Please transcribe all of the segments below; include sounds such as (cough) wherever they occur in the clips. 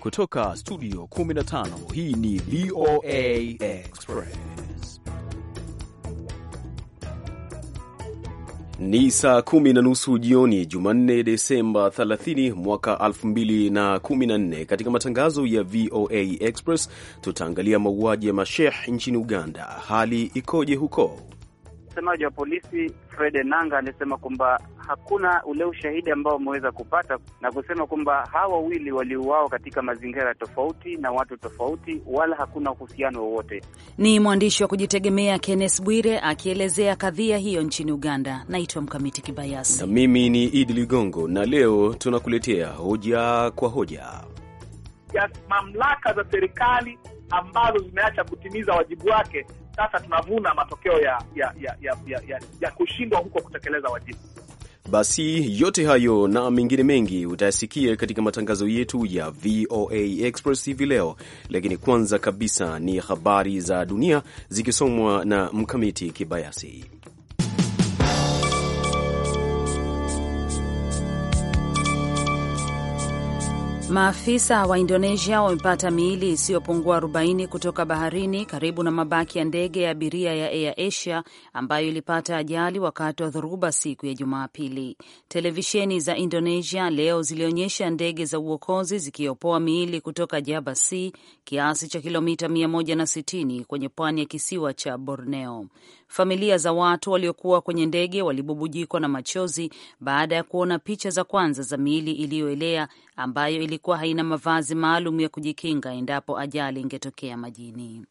Kutoka studio 15 hii ni VOA Express. Ni saa kumi na nusu jioni Jumanne, Desemba 30 mwaka 2014. Katika matangazo ya VOA Express tutaangalia mauaji ya mashekh nchini Uganda. Hali ikoje huko? msemaji wa polisi Fred nanga alisema kwamba hakuna ule ushahidi ambao wameweza kupata na kusema kwamba hawa wawili waliuawa katika mazingira tofauti na watu tofauti, wala hakuna uhusiano wowote. Ni mwandishi wa kujitegemea kennes Bwire akielezea kadhia hiyo nchini Uganda. Naitwa Mkamiti Kibayasi na mimi ni Idi Ligongo, na leo tunakuletea hoja kwa hoja ya mamlaka za serikali ambazo zimeacha kutimiza wajibu wake sasa tunavuna matokeo ya, ya, ya, ya, ya, ya, ya kushindwa huko kutekeleza wajibu. Basi yote hayo na mengine mengi utayasikia katika matangazo yetu ya VOA Express hivi leo, lakini kwanza kabisa ni habari za dunia zikisomwa na Mkamiti Kibayasi. Maafisa wa Indonesia wamepata miili isiyopungua 40 kutoka baharini karibu na mabaki ya ndege ya abiria ya Air Asia ambayo ilipata ajali wakati wa dhoruba siku ya Jumapili. Televisheni za Indonesia leo zilionyesha ndege za uokozi zikiopoa miili kutoka Java Sea, kiasi cha kilomita 160 kwenye pwani ya kisiwa cha Borneo. Familia za watu waliokuwa kwenye ndege walibubujikwa na machozi baada ya kuona picha za kwanza za miili iliyoelea ambayo ili ilikuwa haina mavazi maalum ya kujikinga endapo ajali ingetokea majini.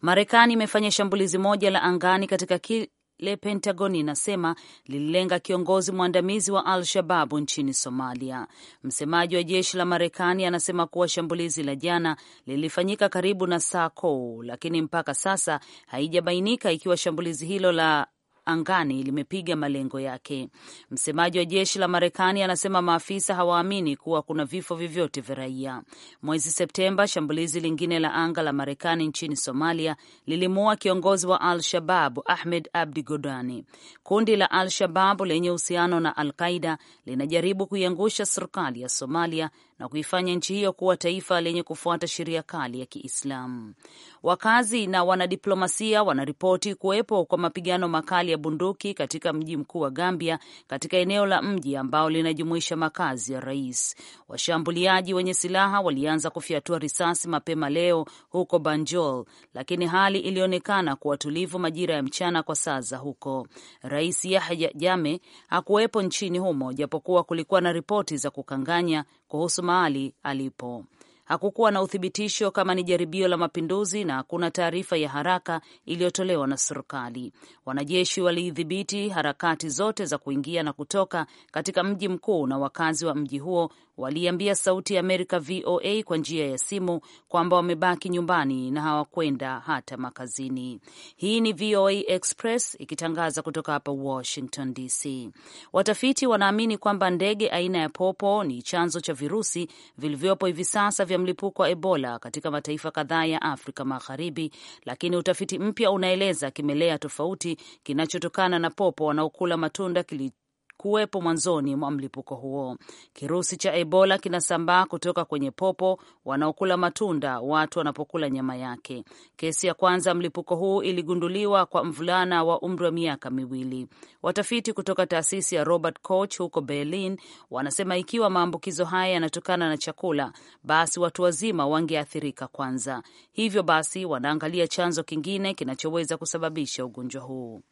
Marekani imefanya shambulizi moja la angani katika kile Pentagon inasema lililenga kiongozi mwandamizi wa Al Shababu nchini Somalia. Msemaji wa jeshi la Marekani anasema kuwa shambulizi la jana lilifanyika karibu na Saco, lakini mpaka sasa haijabainika ikiwa shambulizi hilo la angani limepiga malengo yake. Msemaji wa jeshi la Marekani anasema maafisa hawaamini kuwa kuna vifo vyovyote vya raia. Mwezi Septemba, shambulizi lingine la anga la Marekani nchini Somalia lilimuua kiongozi wa Al Shababu Ahmed Abdi Godani. Kundi la Al Shabab lenye uhusiano na Al Qaida linajaribu kuiangusha serikali ya Somalia na kuifanya nchi hiyo kuwa taifa lenye kufuata sheria kali ya Kiislamu. Wakazi na wanadiplomasia wanaripoti kuwepo kwa mapigano makali ya bunduki katika mji mkuu wa Gambia, katika eneo la mji ambao linajumuisha makazi ya rais. Washambuliaji wenye silaha walianza kufyatua risasi mapema leo huko Banjul, lakini hali ilionekana kuwa tulivu majira ya mchana kwa saa za huko. Rais Yahya Jame hakuwepo nchini humo, japokuwa kulikuwa na ripoti za kukanganya kuhusu mahali alipo. Hakukuwa na uthibitisho kama ni jaribio la mapinduzi na hakuna taarifa ya haraka iliyotolewa na serikali. Wanajeshi waliidhibiti harakati zote za kuingia na kutoka katika mji mkuu na wakazi wa mji huo waliambia Sauti ya Amerika VOA kwa njia ya simu kwamba wamebaki nyumbani na hawakwenda hata makazini. Hii ni VOA Express ikitangaza kutoka hapa Washington DC. Watafiti wanaamini kwamba ndege aina ya popo ni chanzo cha virusi vilivyopo hivi sasa vya mlipuko wa Ebola katika mataifa kadhaa ya Afrika Magharibi, lakini utafiti mpya unaeleza kimelea tofauti kinachotokana na popo wanaokula matunda kilit kuwepo mwanzoni mwa mlipuko huo. Kirusi cha Ebola kinasambaa kutoka kwenye popo wanaokula matunda watu wanapokula nyama yake. Kesi ya kwanza mlipuko huu iligunduliwa kwa mvulana wa umri wa miaka miwili. Watafiti kutoka taasisi ya Robert Koch huko Berlin wanasema ikiwa maambukizo haya yanatokana na chakula, basi watu wazima wangeathirika kwanza. Hivyo basi wanaangalia chanzo kingine kinachoweza kusababisha ugonjwa huu.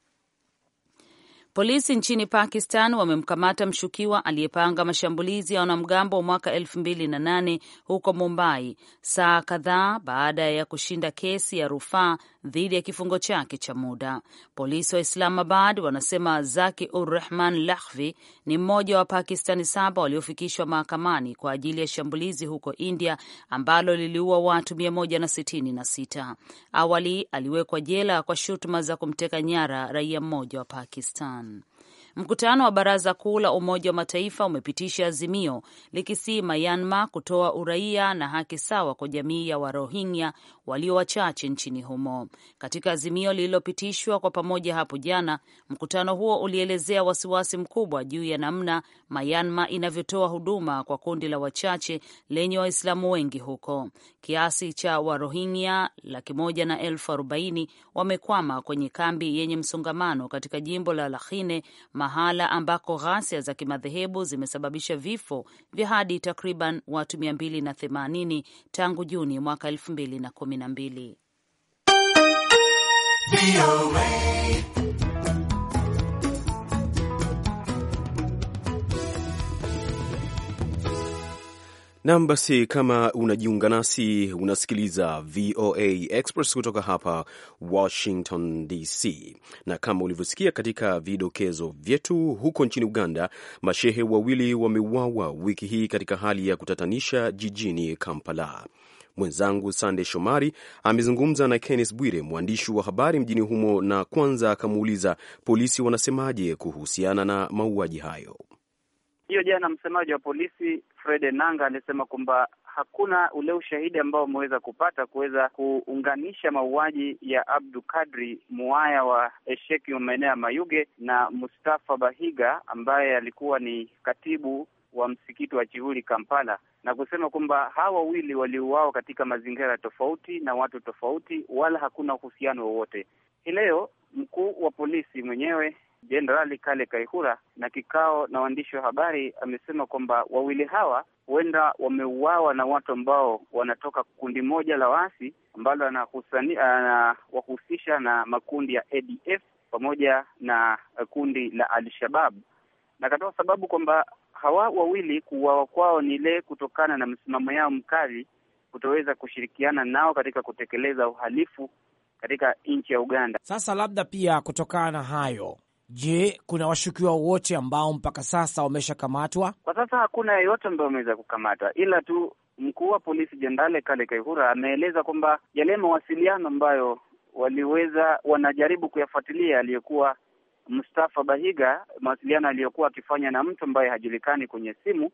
Polisi nchini Pakistan wamemkamata mshukiwa aliyepanga mashambulizi ya wanamgambo wa mwaka elfu mbili huko Mumbai, saa kadhaa baada ya kushinda kesi ya rufaa dhidi ya kifungo chake cha muda. Polisi wa Islamabad wanasema Zaki ur Rahman Lahvi ni mmoja wa Pakistani saba waliofikishwa mahakamani kwa ajili ya shambulizi huko India ambalo liliua watu 166. Awali aliwekwa jela kwa shutuma za kumteka nyara raia mmoja wa Pakistan. Mkutano wa Baraza Kuu la Umoja wa Mataifa umepitisha azimio likisii Myanmar kutoa uraia na haki sawa kwa jamii ya Warohingya walio wachache nchini humo. Katika azimio lililopitishwa kwa pamoja hapo jana, mkutano huo ulielezea wasiwasi mkubwa juu ya namna Myanmar inavyotoa huduma kwa kundi la wachache lenye Waislamu wengi huko. Kiasi cha Warohingya laki moja na elfu arobaini wamekwama kwenye kambi yenye msongamano katika jimbo la Rakhine mahala ambako ghasia za kimadhehebu zimesababisha vifo vya hadi takriban watu 280 tangu Juni mwaka 2012. Nam, basi kama unajiunga nasi, unasikiliza VOA Express kutoka hapa Washington DC, na kama ulivyosikia katika vidokezo vyetu, huko nchini Uganda mashehe wawili wameuawa wiki hii katika hali ya kutatanisha jijini Kampala. Mwenzangu Sande Shomari amezungumza na Kennes Bwire, mwandishi wa habari mjini humo, na kwanza akamuuliza polisi wanasemaje kuhusiana na mauaji hayo. Hiyo jana msemaji wa polisi Fred Enanga alisema kwamba hakuna ule ushahidi ambao umeweza kupata kuweza kuunganisha mauaji ya Abdu Kadri Muaya wa Esheki wa maeneo ya Mayuge na Mustafa Bahiga ambaye alikuwa ni katibu wa msikiti wa Chihuli Kampala, na kusema kwamba hawa wawili waliuawa katika mazingira tofauti na watu tofauti, wala hakuna uhusiano wowote. Hii leo mkuu wa polisi mwenyewe Jenerali Kale Kaihura na kikao na waandishi wa habari, amesema kwamba wawili hawa huenda wameuawa na watu ambao wanatoka kundi moja la waasi ambalo anawahusisha na makundi ya ADF pamoja na kundi la Al-Shabab, na akatoa sababu kwamba hawa wawili kuuawa kwao ni ile kutokana na msimamo yao mkali kutoweza kushirikiana nao katika kutekeleza uhalifu katika nchi ya Uganda. Sasa labda pia kutokana na hayo Je, kuna washukiwa wote ambao mpaka sasa wameshakamatwa? Kwa sasa hakuna yeyote ambayo wameweza kukamata ila tu mkuu wa polisi jendale Kale Kaihura ameeleza kwamba yale mawasiliano ambayo waliweza wanajaribu kuyafuatilia aliyekuwa Mustafa Bahiga, mawasiliano aliyokuwa akifanya na mtu ambaye hajulikani kwenye simu,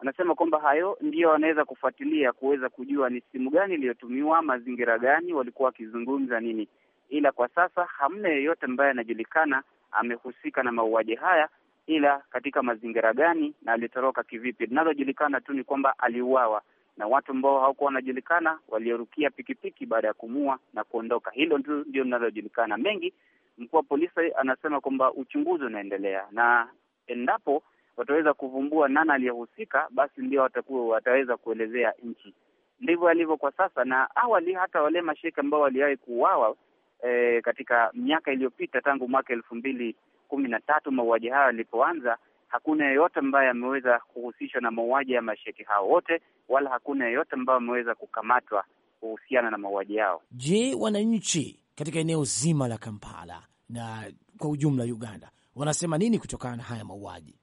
anasema kwamba hayo ndiyo wanaweza kufuatilia kuweza kujua ni simu gani iliyotumiwa, mazingira gani, walikuwa wakizungumza nini, ila kwa sasa hamna yeyote ambaye anajulikana amehusika na mauaji haya, ila katika mazingira gani na alitoroka kivipi. Linalojulikana tu ni kwamba aliuawa na watu ambao hawakuwa wanajulikana, waliorukia pikipiki baada ya kumua na kuondoka. Hilo tu ndio linalojulikana mengi. Mkuu wa polisi anasema kwamba uchunguzi unaendelea na endapo wataweza kuvumbua nani aliyehusika, basi ndio watakuwa wataweza kuelezea nchi. Ndivyo alivyo kwa sasa, na awali hata wale mashirika ambao waliwahi kuuawa e, katika miaka iliyopita tangu mwaka elfu mbili kumi na tatu mauaji hayo yalipoanza, hakuna yeyote ambaye ameweza kuhusishwa na mauaji ya masheki hao wote, wala hakuna yeyote ambaye ameweza kukamatwa kuhusiana na mauaji yao. Je, wananchi katika eneo zima la Kampala na kwa ujumla Uganda wanasema nini kutokana na haya mauaji?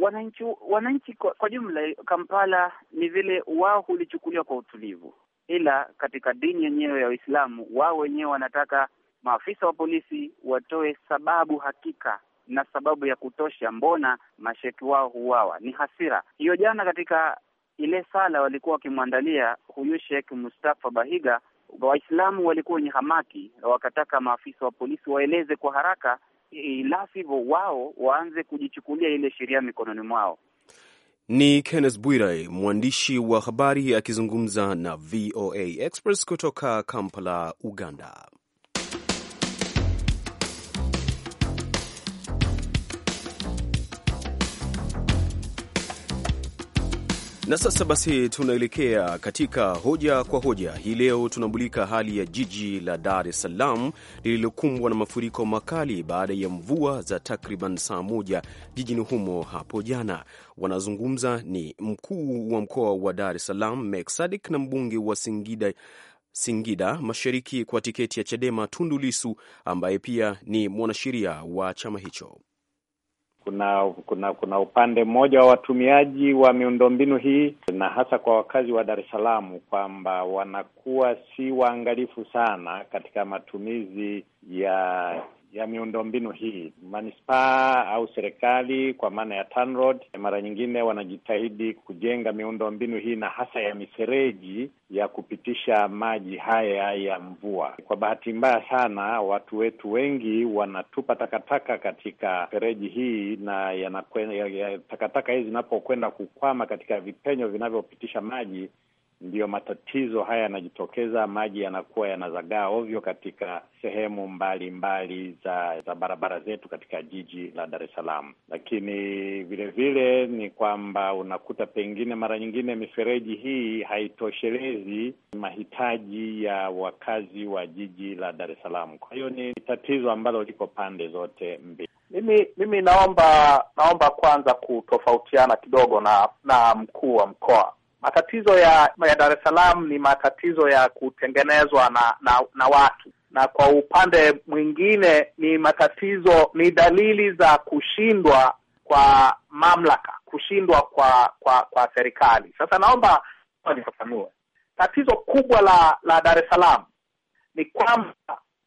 Wananchi wananchi kwa, kwa jumla Kampala ni vile wao hulichukuliwa kwa utulivu, ila katika dini yenyewe ya Uislamu wao wenyewe wanataka maafisa wa polisi watoe sababu hakika na sababu ya kutosha, mbona masheki wao huwawa Ni hasira hiyo. Jana katika ile sala walikuwa wakimwandalia huyu Sheikh Mustafa Bahiga, Waislamu walikuwa wenye hamaki, wakataka maafisa wa polisi waeleze kwa haraka, ila sivyo wao waanze kujichukulia ile sheria mikononi mwao. Ni Kenneth Bwire, mwandishi wa habari akizungumza na VOA Express kutoka Kampala, Uganda. Na sasa basi tunaelekea katika hoja kwa hoja. Hii leo tunamulika hali ya jiji la Dar es Salaam lililokumbwa na mafuriko makali baada ya mvua za takriban saa moja jijini humo hapo jana. Wanazungumza ni mkuu wa mkoa wa Dar es Salaam Mek Sadik na mbunge wa Singida Singida Mashariki kwa tiketi ya Chadema Tundu Lisu ambaye pia ni mwanasheria wa chama hicho kuna kuna kuna upande mmoja wa watumiaji wa miundombinu hii na hasa kwa wakazi wa Dar es Salaam kwamba wanakuwa si waangalifu sana katika matumizi ya ya miundombinu hii. Manispaa au serikali kwa maana ya TANROADS mara nyingine wanajitahidi kujenga miundombinu hii na hasa ya mifereji ya kupitisha maji haya ya mvua. Kwa bahati mbaya sana, watu wetu wengi wanatupa takataka katika fereji hii na ya, takataka hizi zinapokwenda kukwama katika vipenyo vinavyopitisha maji ndiyo matatizo haya yanajitokeza. Maji yanakuwa yanazagaa ovyo katika sehemu mbalimbali mbali za za barabara zetu katika jiji la Dar es Salaam, lakini vilevile ni kwamba unakuta pengine mara nyingine mifereji hii haitoshelezi mahitaji ya wakazi wa jiji la Dar es Salaam. Kwa hiyo ni tatizo ambalo liko pande zote mbili. Mimi mimi naomba naomba kwanza kutofautiana kidogo na na mkuu wa mkoa Matatizo ya, ya Dar es Salaam ni matatizo ya kutengenezwa na, na, na watu na kwa upande mwingine ni matatizo, ni dalili za kushindwa kwa mamlaka, kushindwa kwa kwa kwa serikali. Sasa naomba nifafanue tatizo kubwa la la Dar es Salaam ni kwamba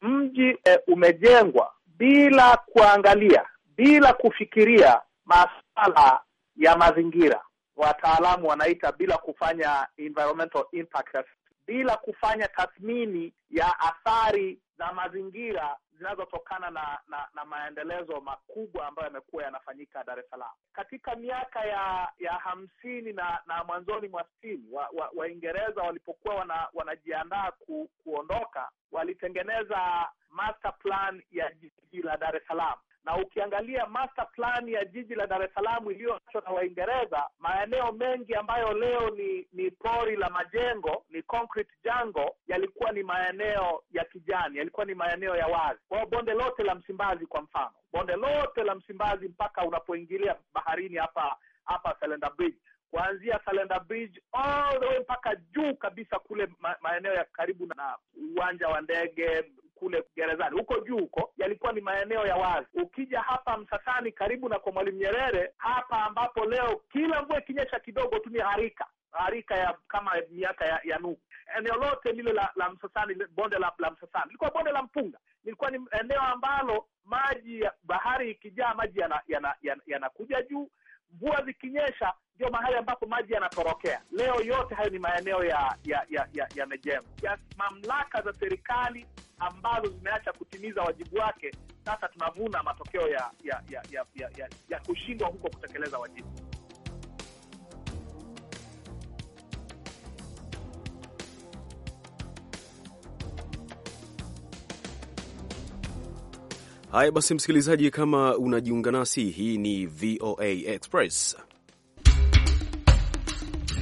mji e, umejengwa bila kuangalia, bila kufikiria masuala ya mazingira, wataalamu wanaita bila kufanya environmental impact, bila kufanya tathmini ya athari za mazingira zinazotokana na, na na maendelezo makubwa ambayo yamekuwa yanafanyika Dar es Salaam katika miaka ya ya hamsini na na mwanzoni mwa sitini. Waingereza wa, walipokuwa wana, wanajiandaa ku, kuondoka walitengeneza master plan ya jiji la Dar es Salaam na ukiangalia master plan ya jiji la Dar es Salaam iliyoachwa na Waingereza, maeneo mengi ambayo leo ni ni pori la majengo, ni concrete jango, yalikuwa ni maeneo ya kijani, yalikuwa ni maeneo ya wazi. Kwa hiyo bonde lote la Msimbazi kwa mfano, bonde lote la Msimbazi mpaka unapoingilia baharini hapa hapa Salenda Bridge, kuanzia Salenda Bridge all the way mpaka juu kabisa kule ma maeneo ya karibu na uwanja wa ndege kule gerezani huko juu huko yalikuwa ni maeneo ya wazi. Ukija hapa Msasani karibu na kwa Mwalimu Nyerere hapa ambapo leo kila mvua ikinyesha kidogo tu ni harika harika ya kama miaka ya, ya nuku. Eneo lote lile la, la Msasani, bonde la, la Msasani lilikuwa bonde la mpunga, lilikuwa ni eneo ambalo maji ya bahari ikijaa maji yanakuja yana, yana, yana juu. Mvua zikinyesha ndio mahali ambapo maji yanatorokea. Leo yote hayo ni maeneo ya yamejengwa ya, ya, ya mamlaka za serikali ambazo zimeacha kutimiza wajibu wake. Sasa tunavuna matokeo ya, ya, ya, ya, ya, ya, ya kushindwa huko kutekeleza wajibu. Haya basi, msikilizaji, kama unajiunga nasi, hii ni VOA Express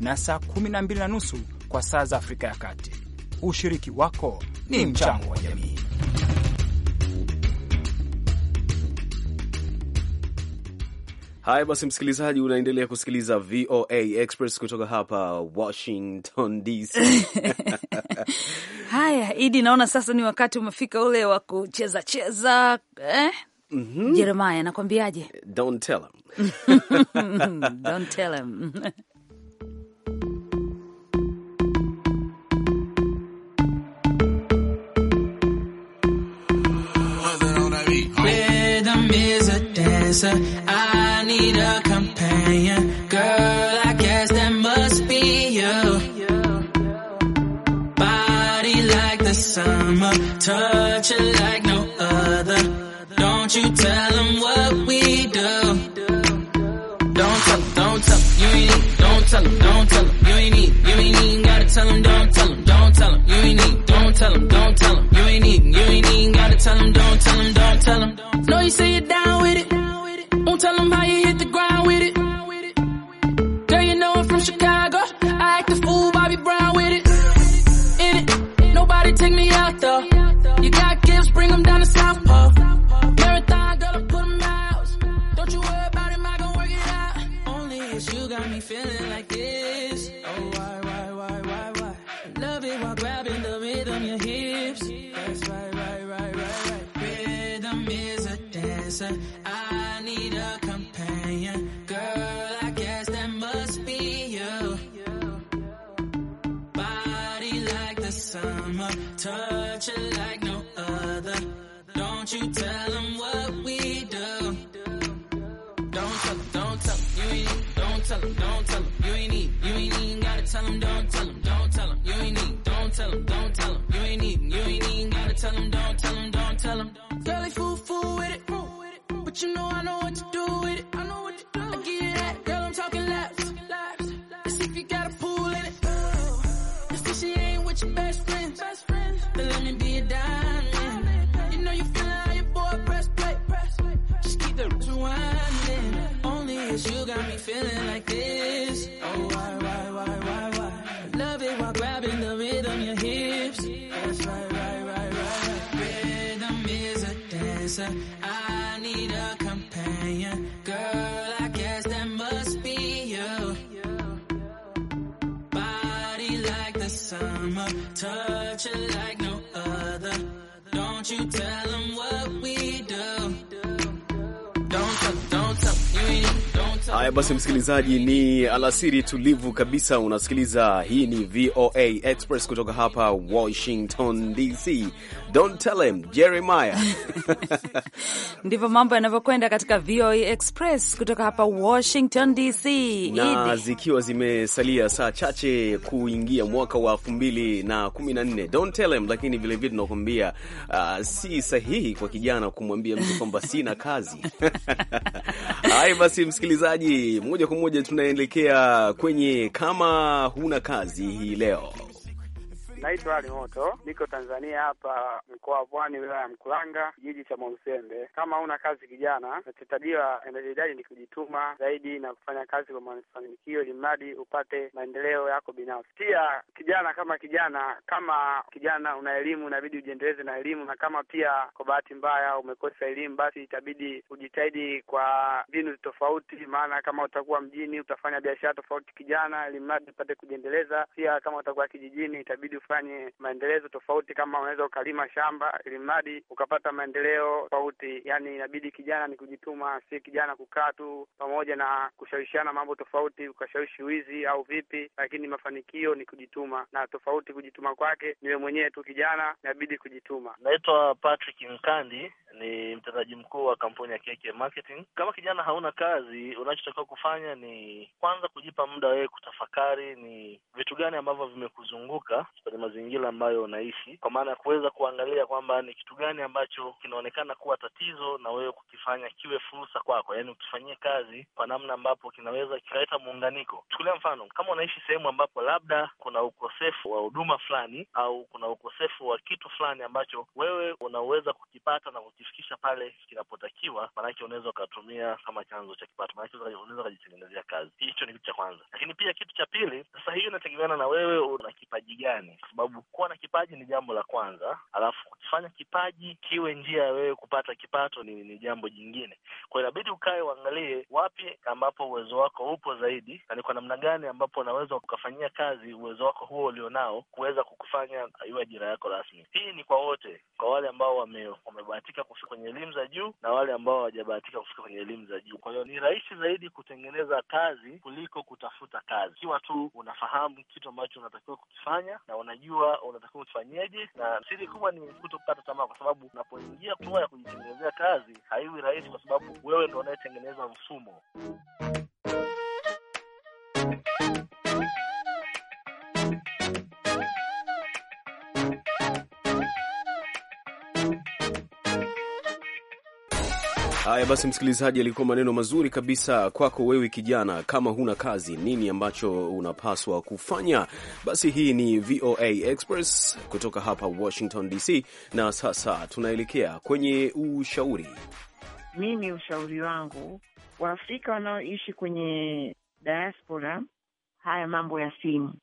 na saa 12 na nusu kwa saa za Afrika ya Kati. Ushiriki wako ni mchango wa jamii. Haya basi, msikilizaji, unaendelea kusikiliza VOA Express kutoka hapa Washington DC. (laughs) Haya Idi, naona sasa ni wakati umefika ule wa kucheza cheza eh? Mm -hmm. Jeremaya nakwambiaje? Don't tell him. (laughs) Don't tell him. i is a dancer. I need a companion. Girl, I guess that must be you. Body like the summer. Touch it like no other. Don't you tell them what we do. Don't tell them, don't tell them. You ain't need, don't tell them, don't tell them. You ain't need, you ain't even Gotta tell them, don't tell them, don't tell them. You ain't need, don't tell don't You ain't even. you ain't even Gotta tell them, don't tell them, don't tell them you say you're down with it. Won't tell them how you hit the ground with it. Girl, you know I'm from Chicago. I act a fool, Bobby Brown with it. In it, nobody take me out though. come up, touch it like no other. Don't you tell them what we do. Don't tell them, don't tell them, you ain't need, don't tell them, don't tell them, you ain't need, you ain't even gotta tell them, don't tell them, don't tell them, you ain't need, don't tell them, don't tell them, you ain't even. you ain't even gotta tell them, don't tell them, don't tell them. Girl, they fool, fool with it, but you know I know saying, girl, I guess that must be you. Body like the summer, touch it like no other. Don't you tell them what Haya basi, msikilizaji, ni alasiri tulivu kabisa. Unasikiliza, hii ni VOA Express kutoka hapa Washington DC. Don't tell him Jeremiah. (laughs) Ndivyo mambo yanavyokwenda katika VOA Express kutoka hapa Washington DC, na zikiwa zimesalia saa chache kuingia mwaka wa 2014 don't tell him, lakini vilevile tunakuambia uh, si sahihi kwa kijana kumwambia mtu kwamba sina kazi. (laughs) Haya basi, msikilizaji moja kwa moja tunaelekea kwenye kama huna kazi hii leo. Naitwa Ali Moto, niko Tanzania hapa mkoa wa Pwani, wilaya ya Mkuranga, kijiji cha Mwamsembe. Kama una kazi kijana, nachotarajiwa inachohitaji ni kujituma zaidi na kufanya kazi kwa mafanikio, ili mradi upate maendeleo yako binafsi. Pia kijana kama kijana, kama kijana una elimu, inabidi ujiendeleze na elimu, na kama pia kwa bahati mbaya umekosa elimu, basi itabidi ujitahidi kwa mbinu tofauti, maana kama utakuwa mjini utafanya biashara tofauti kijana, ili mradi upate kujiendeleza. Pia kama utakuwa kijijini itabidi ufanya ufanye maendelezo tofauti, kama unaweza ukalima shamba ili mradi ukapata maendeleo tofauti. Yani inabidi kijana ni kujituma, si kijana kukaa tu pamoja na kushawishiana mambo tofauti, ukashawishi wizi au vipi, lakini mafanikio ni kujituma na tofauti kujituma kwake niwe mwenyewe tu kijana, inabidi kujituma. Naitwa Patrick Mkandi, ni mtendaji mkuu wa kampuni ya KK Marketing. Kama kijana hauna kazi, unachotakiwa kufanya ni kwanza kujipa muda wewe kutafakari ni vitu gani ambavyo vimekuzunguka kwenye mazingira ambayo unaishi, kwa maana ya kuweza kuangalia kwamba ni kitu gani ambacho kinaonekana kuwa tatizo na wewe kukifanya kiwe fursa kwako Yaani ukifanyie kazi kwa namna ambapo kinaweza kikaleta muunganiko. Chukulia mfano, kama unaishi sehemu ambapo labda kuna ukosefu wa huduma fulani au kuna ukosefu wa kitu fulani ambacho wewe unaweza kukipata na kukifikisha pale kinapotakiwa, maanake unaweza ukatumia kama chanzo cha kipato, maanake unaweza ukajitengenezea kazi. Hicho ni kitu cha kwanza, lakini pia kitu cha pili, sasa hiyo inategemeana na wewe una kipaji gani sababu kuwa na kipaji ni jambo la kwanza, alafu kukifanya kipaji kiwe njia ya wewe kupata kipato ni, ni jambo jingine. Kwa hiyo inabidi ukae uangalie wapi ambapo uwezo wako upo zaidi na ni kwa namna gani ambapo unaweza ukafanyia kazi uwezo wako huo ulionao kuweza kukufanya iwe ajira yako rasmi. Hii ni kwa wote, kwa wale ambao wame, wamebahatika kufika kwenye elimu za juu na wale ambao hawajabahatika kufika kwenye elimu za juu. Kwa hiyo ni rahisi zaidi kutengeneza kazi kuliko kutafuta kazi, ikiwa tu unafahamu kitu ambacho unatakiwa kukifanya na una unajua unatakiwa ufanyeje, na siri kubwa ni kutokata tamaa, kwa sababu unapoingia hatua ya kujitengenezea kazi haiwi rahisi, kwa sababu wewe ndo unayetengeneza mfumo. Haya basi, msikilizaji, alikuwa maneno mazuri kabisa kwako wewe kijana. Kama huna kazi, nini ambacho unapaswa kufanya? Basi hii ni VOA Express kutoka hapa Washington DC, na sasa tunaelekea kwenye ushauri. Mimi ushauri wangu, Waafrika wanaoishi kwenye diaspora, haya mambo ya simu,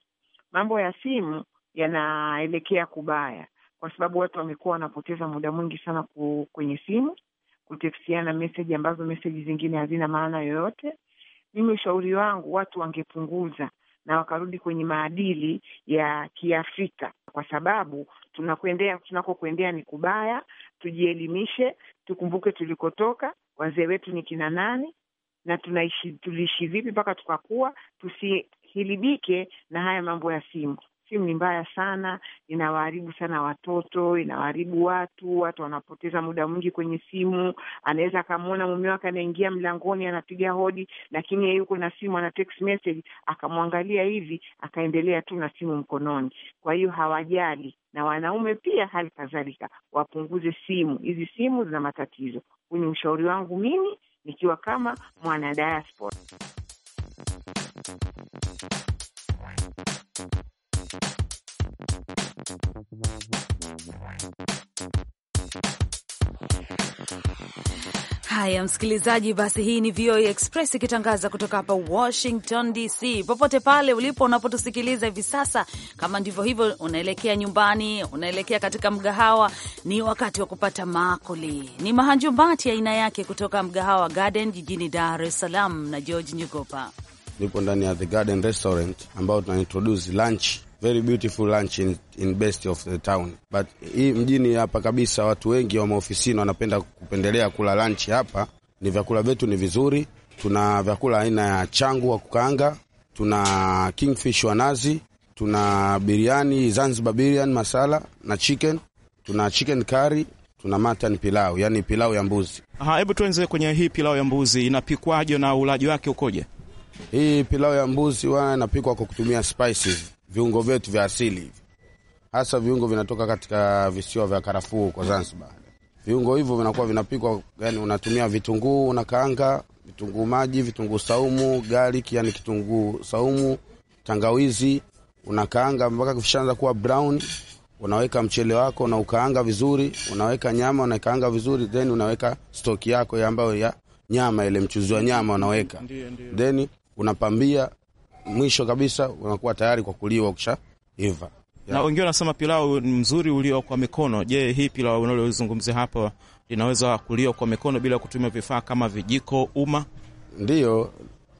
mambo ya simu yanaelekea kubaya, kwa sababu watu wamekuwa wanapoteza muda mwingi sana kwenye simu kutekstiana meseji ambazo meseji zingine hazina maana yoyote. Mimi ushauri wangu watu wangepunguza na wakarudi kwenye maadili ya Kiafrika kwa sababu tunakuendea tunakokuendea ni kubaya. Tujielimishe, tukumbuke tulikotoka, wazee wetu ni kina nani na tunaishi tuliishi vipi mpaka tukakua tusihilibike na haya mambo ya simu simu ni mbaya sana, inawaharibu sana watoto, inawaharibu watu. Watu wanapoteza muda mwingi kwenye simu. Anaweza akamwona mume wake anaingia mlangoni, anapiga hodi, lakini yeye yuko na simu, ana text message, akamwangalia hivi, akaendelea tu na simu mkononi. Kwa hiyo hawajali, na wanaume pia hali kadhalika wapunguze simu. Hizi simu zina matatizo. Huu ni ushauri wangu mimi nikiwa kama mwana diaspora. Haya, msikilizaji, basi hii ni VOA Express ikitangaza kutoka hapa Washington DC. Popote pale ulipo unapotusikiliza hivi sasa, kama ndivyo hivyo, unaelekea nyumbani, unaelekea katika mgahawa, ni wakati wa kupata maakuli. Ni mahanjumbati ya aina yake kutoka mgahawa Garden jijini Dar es Salaam na George Nyugopa. Nipo ndani ya The Garden Restaurant ambao tunaintroduce lunch very beautiful lunch in, in best of the town but hii mjini hapa kabisa, watu wengi wa maofisini wanapenda kupendelea kula lunch hapa. Ni vyakula vyetu ni vizuri, tuna vyakula aina ya changu wa kukaanga, tuna kingfish wa nazi, tuna biriani Zanzibar biriani masala na chicken, tuna chicken curry tuna matan pilau, yani pilau ya mbuzi. Aha, hebu tuanze kwenye hii pilau ya mbuzi, inapikwaje na ulaji wake ukoje? Hii pilau ya mbuzi wana inapikwa kwa kutumia spices viungo vyetu vya asili hivi, hasa viungo vinatoka katika visiwa vya karafuu kwa Zanzibar. Viungo hivyo vinakuwa vinapikwa, yani unatumia vitunguu, unakaanga vitunguu maji, vitunguu saumu, garlic, yani kitunguu saumu, tangawizi, unakaanga mpaka kishaanza kuwa brown unaweka mchele wako na ukaanga vizuri, unaweka nyama unakaanga vizuri, then unaweka stoki yako ambayo ya nyama ile mchuzi wa nyama unaweka, ndiye, ndiye. then unapambia, mwisho kabisa unakuwa tayari kwa kuliwa ukishaiva. Yeah. Na wengine wanasema pilau mzuri ulio kwa mikono. Je, hii pilau unalozungumzia hapo linaweza kuliwa kwa mikono bila kutumia vifaa kama vijiko, uma? Ndiyo,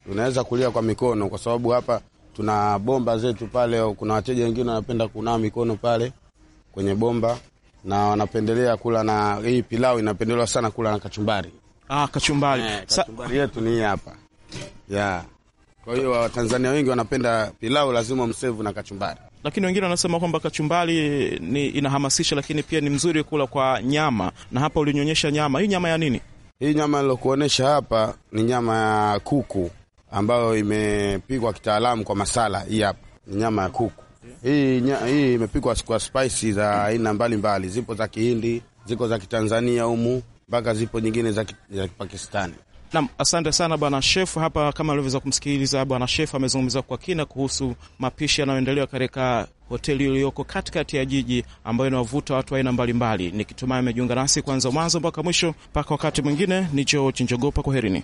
unaweza kulia kwa mikono kwa sababu hapa tuna bomba zetu pale. Kuna wateja wengine wanapenda kunawa mikono pale kwenye bomba na wanapendelea kula na hii pilau inapendelewa sana kula na kachumbari. Ah, kachumbari. Eh, kachumbari yetu ni hii hapa. Yeah. Kwa hiyo Watanzania wengi wanapenda pilau, lazima msevu na kachumbari. Lakini wengine wanasema kwamba kachumbari ni inahamasisha, lakini pia ni mzuri kula kwa nyama, na hapa ulinyonyesha nyama hii. Nyama ya nini hii? Nyama nilokuonyesha hapa ni nyama ya kuku ambayo imepikwa kitaalamu kwa masala. Hii hapa ni nyama ya kuku hii, nya, hii imepikwa kwa spice za aina mbalimbali, zipo za Kihindi, ziko za Kitanzania humu mpaka zipo nyingine za Kipakistani. Nam, asante sana bwana Shefu. Hapa kama alivyoweza kumsikiliza bwana Shefu, amezungumza kwa kina kuhusu mapishi yanayoendelewa katika hoteli iliyoko katikati ya jiji ambayo inawavuta watu aina mbalimbali. Nikitumai amejiunga nasi kwanza mwanzo mpaka mwisho. Mpaka wakati mwingine, ni George Njogopa, kwaherini.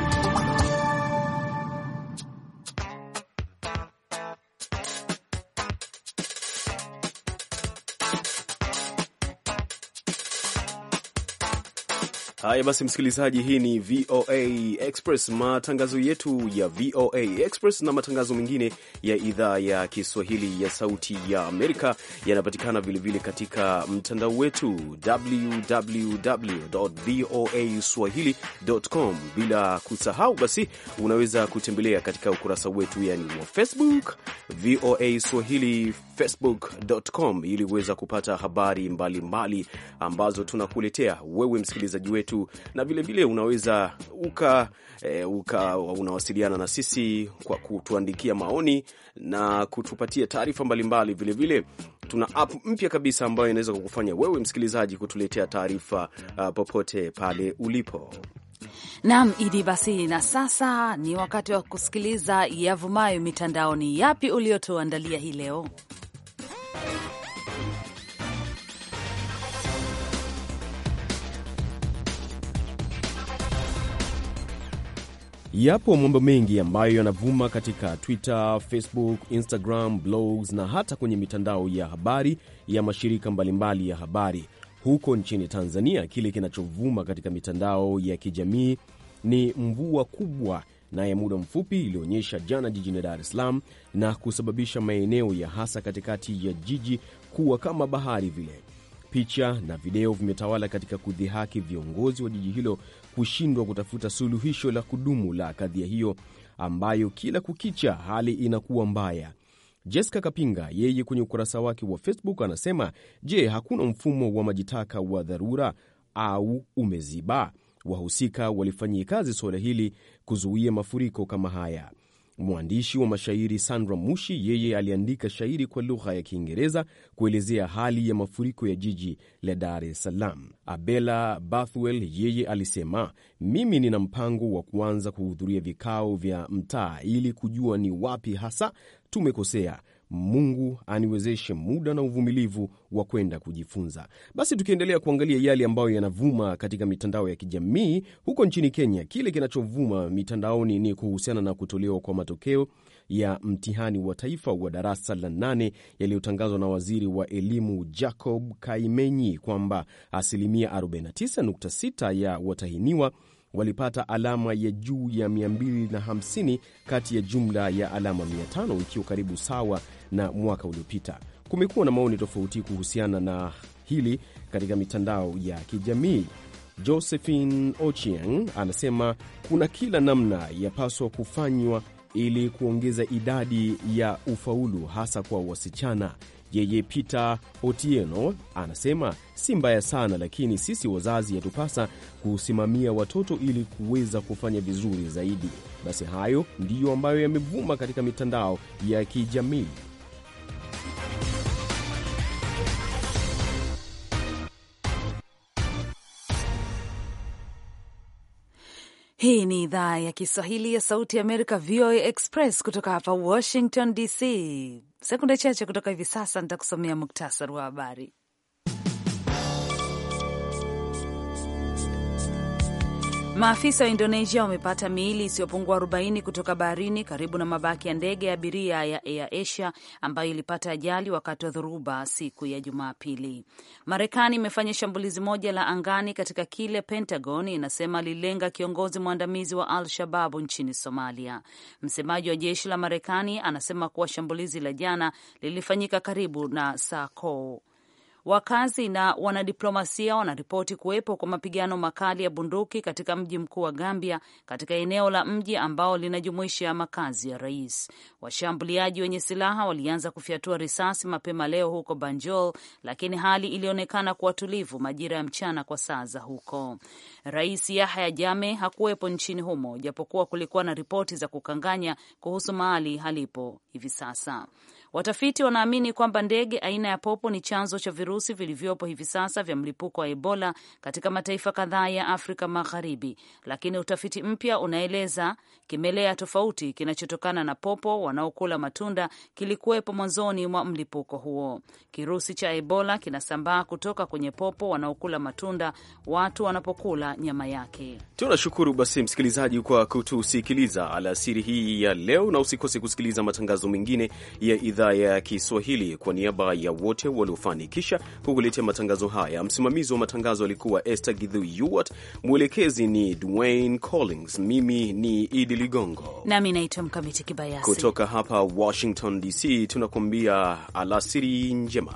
Haya basi, msikilizaji, hii ni VOA Express, matangazo yetu ya VOA Express na matangazo mengine ya idhaa ya Kiswahili ya Sauti ya Amerika yanapatikana vilevile katika mtandao wetu www voa swahili.com, bila kusahau basi, unaweza kutembelea katika ukurasa wetu yani wa Facebook VOA Swahili facebook.com, ili uweza kupata habari mbalimbali mbali ambazo tunakuletea wewe msikilizaji wetu na vilevile unaweza uka, e, uka unawasiliana na sisi kwa kutuandikia maoni na kutupatia taarifa mbalimbali. Vilevile tuna app mpya kabisa ambayo inaweza kukufanya wewe msikilizaji kutuletea taarifa uh, popote pale ulipo. Naam, Idi, basi na sasa ni wakati wa kusikiliza yavumayo mitandaoni. Yapi uliotuandalia hii leo? Yapo mambo mengi ambayo yanavuma katika Twitter, Facebook, Instagram, blogs na hata kwenye mitandao ya habari ya mashirika mbalimbali ya habari. Huko nchini Tanzania, kile kinachovuma katika mitandao ya kijamii ni mvua kubwa na ya muda mfupi ilionyesha jana jijini Dar es Salaam na kusababisha maeneo ya hasa katikati ya jiji kuwa kama bahari vile picha na video vimetawala katika kudhihaki viongozi wa jiji hilo kushindwa kutafuta suluhisho la kudumu la kadhia hiyo ambayo kila kukicha hali inakuwa mbaya. Jessica Kapinga yeye kwenye ukurasa wake wa Facebook anasema, je, hakuna mfumo wa majitaka wa dharura au umeziba? Wahusika walifanyia kazi suala hili kuzuia mafuriko kama haya. Mwandishi wa mashairi Sandra Mushi yeye aliandika shairi kwa lugha ya Kiingereza kuelezea hali ya mafuriko ya jiji la Dar es Salaam. Abela Bathwell yeye alisema, mimi nina mpango wa kuanza kuhudhuria vikao vya mtaa ili kujua ni wapi hasa tumekosea Mungu aniwezeshe muda na uvumilivu wa kwenda kujifunza. Basi tukiendelea kuangalia yale ambayo yanavuma katika mitandao ya kijamii huko nchini Kenya, kile kinachovuma mitandaoni ni kuhusiana na kutolewa kwa matokeo ya mtihani wa taifa wa darasa la nane yaliyotangazwa na waziri wa elimu Jacob Kaimenyi kwamba asilimia 49.6 ya watahiniwa walipata alama ya juu ya 250 kati ya jumla ya alama 500 ikiwa karibu sawa na mwaka uliopita. Kumekuwa na maoni tofauti kuhusiana na hili katika mitandao ya kijamii. Josephine Ochieng anasema kuna kila namna yapaswa kufanywa ili kuongeza idadi ya ufaulu hasa kwa wasichana. Yeye Peter Otieno anasema si mbaya sana, lakini sisi wazazi yatupasa kusimamia watoto ili kuweza kufanya vizuri zaidi. Basi hayo ndiyo ambayo yamevuma katika mitandao ya kijamii. Hii ni idhaa ya Kiswahili ya Sauti ya Amerika, VOA Express, kutoka hapa Washington DC. Sekunde chache kutoka hivi sasa nitakusomea muktasari wa habari. Maafisa wa Indonesia wamepata miili isiyopungua 40 kutoka baharini karibu na mabaki ya ndege ya abiria ya Air Asia ambayo ilipata ajali wakati wa dhoruba siku ya Jumapili. Marekani imefanya shambulizi moja la angani katika kile Pentagon inasema lilenga kiongozi mwandamizi wa Al Shababu nchini Somalia. Msemaji wa jeshi la Marekani anasema kuwa shambulizi la jana lilifanyika karibu na Sako. Wakazi na wanadiplomasia wanaripoti kuwepo kwa mapigano makali ya bunduki katika mji mkuu wa Gambia, katika eneo la mji ambao linajumuisha makazi ya rais. Washambuliaji wenye silaha walianza kufyatua risasi mapema leo huko Banjul, lakini hali ilionekana kuwa tulivu majira ya mchana kwa saa za huko. Rais Yahya jame hakuwepo nchini humo, japokuwa kulikuwa na ripoti za kukanganya kuhusu mahali halipo hivi sasa. Watafiti wanaamini kwamba ndege aina ya popo ni chanzo cha virusi vilivyopo hivi sasa vya mlipuko wa Ebola katika mataifa kadhaa ya Afrika Magharibi, lakini utafiti mpya unaeleza kimelea tofauti kinachotokana na popo wanaokula matunda kilikuwepo mwanzoni mwa mlipuko huo. Kirusi cha Ebola kinasambaa kutoka kwenye popo wanaokula matunda watu wanapokula nyama yake. Tunashukuru basi msikilizaji kwa kutusikiliza alasiri hii ya leo, na usikose kusikiliza matangazo mengine ya idha idhaa ya Kiswahili. Kwa niaba ya wote waliofanikisha kukuletea matangazo haya, msimamizi wa matangazo alikuwa Esther Githu Yuwat, mwelekezi ni Dwayne Collins, mimi ni Idi Ligongo nami naitwa Mkamiti Kibayasi kutoka hapa Washington DC, tunakuambia alasiri njema.